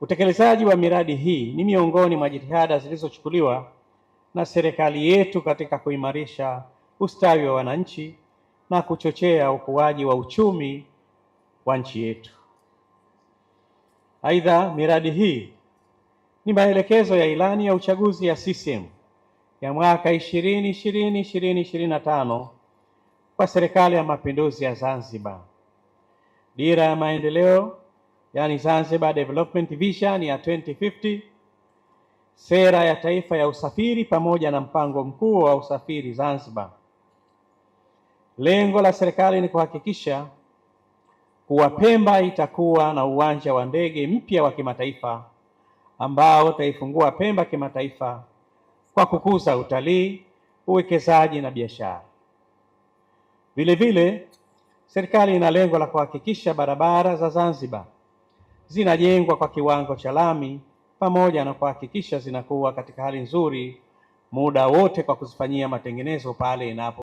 Utekelezaji wa miradi hii ni miongoni mwa jitihada zilizochukuliwa na serikali yetu katika kuimarisha ustawi wa wananchi na kuchochea ukuaji wa uchumi wa nchi yetu. Aidha, miradi hii ni maelekezo ya ilani ya uchaguzi ya CCM ya mwaka 2020 2025 kwa Serikali ya Mapinduzi ya Zanzibar, dira ya maendeleo yani Zanzibar Development Vision ya 2050, sera ya taifa ya usafiri pamoja na mpango mkuu wa usafiri Zanzibar. Lengo la serikali ni kuhakikisha kuwa Pemba itakuwa na uwanja wa ndege mpya wa kimataifa ambao utaifungua Pemba kimataifa kwa kukuza utalii, uwekezaji na biashara. Vilevile, serikali ina lengo la kuhakikisha barabara za Zanzibar zinajengwa kwa kiwango cha lami pamoja na kuhakikisha zinakuwa katika hali nzuri muda wote kwa kuzifanyia matengenezo pale inapo